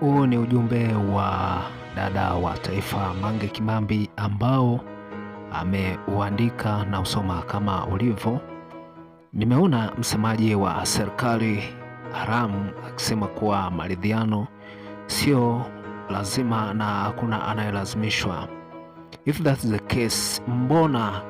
Huu ni ujumbe wa dada wa taifa Mange Kimambi ambao ameuandika na usoma kama ulivyo. Nimeona msemaji wa serikali haramu akisema kuwa maridhiano sio lazima na hakuna anayelazimishwa. If is the case, mbona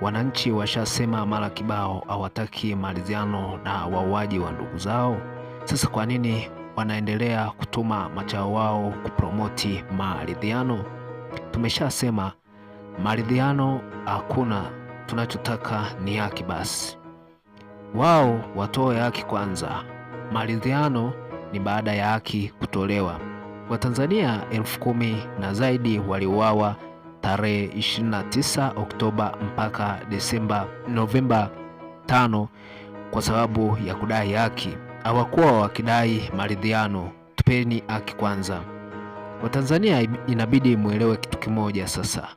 wananchi washasema mara kibao hawataki maridhiano na wauaji wa ndugu zao? Sasa kwa nini wanaendelea kutuma machao wao kupromoti maridhiano. Tumeshasema maridhiano hakuna, tunachotaka ni haki. Basi wao watoe haki kwanza, maridhiano ni baada ya haki kutolewa. Watanzania elfu kumi na zaidi waliuawa tarehe 29 Oktoba mpaka Desemba Novemba 5 kwa sababu ya kudai haki hawakuwa wakidai maridhiano. Tupeni haki kwanza. Watanzania inabidi mwelewe kitu kimoja sasa.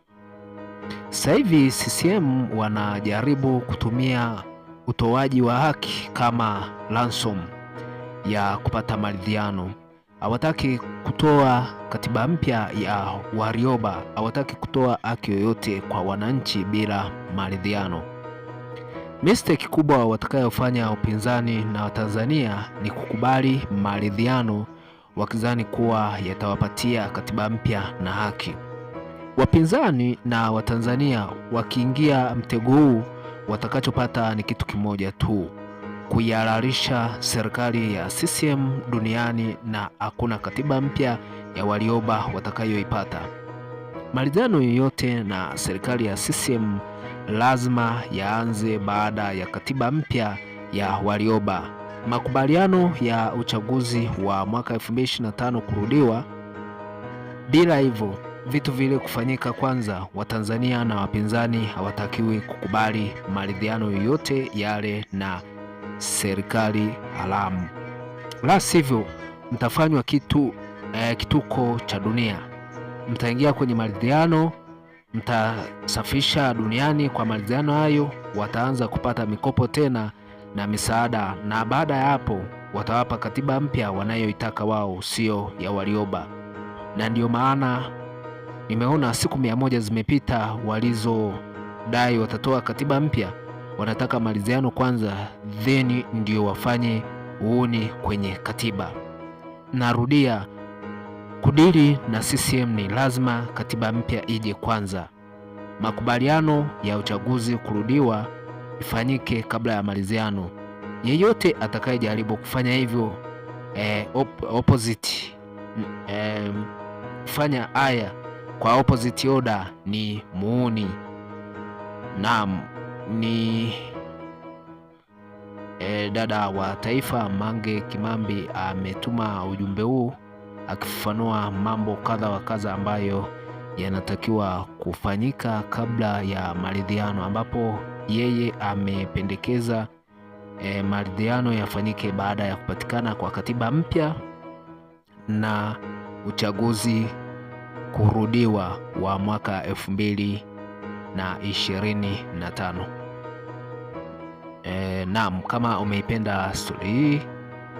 Sasa hivi CCM wanajaribu kutumia utoaji wa haki kama ransom ya kupata maridhiano. Hawataki kutoa katiba mpya ya Warioba, hawataki kutoa haki yoyote kwa wananchi bila maridhiano. Mistake kubwa watakayofanya upinzani na Watanzania ni kukubali maridhiano wakizani kuwa yatawapatia katiba mpya na haki. Wapinzani na Watanzania wakiingia mtego huu, watakachopata ni kitu kimoja tu, kuihalalisha serikali ya CCM duniani na hakuna katiba mpya ya Warioba watakayoipata. Maridhiano yoyote na serikali ya CCM lazima yaanze baada ya katiba mpya ya Warioba. Makubaliano ya uchaguzi wa mwaka 2025 kurudiwa, bila hivyo vitu vile kufanyika kwanza, Watanzania na wapinzani hawatakiwi kukubali maridhiano yoyote yale na serikali haramu, la sivyo mtafanywa kitu eh, kituko cha dunia. Mtaingia kwenye maridhiano mtasafisha duniani. Kwa maridhiano hayo, wataanza kupata mikopo tena na misaada, na baada ya hapo watawapa katiba mpya wanayoitaka wao, sio ya Warioba. Na ndiyo maana nimeona siku mia moja zimepita walizodai watatoa katiba mpya. Wanataka maridhiano kwanza, then ndio wafanye uuni kwenye katiba. Narudia, Kudili na CCM ni lazima katiba mpya ije kwanza, makubaliano ya uchaguzi kurudiwa ifanyike kabla ya maliziano. Yeyote atakayejaribu kufanya hivyo eh, op opposite eh, fanya haya kwa opposite order ni muuni. Naam, ni eh, dada wa taifa Mange Kimambi ametuma ujumbe huu akifafanua mambo kadha wa kadha ambayo yanatakiwa kufanyika kabla ya maridhiano, ambapo yeye amependekeza e, maridhiano yafanyike baada ya kupatikana kwa katiba mpya na uchaguzi kurudiwa wa mwaka elfu mbili na ishirini na tano. E, naam, kama umeipenda stori hii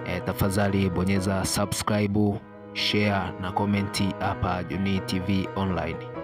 e, tafadhali bonyeza subscribe share na komenti hapa Junii TV Online.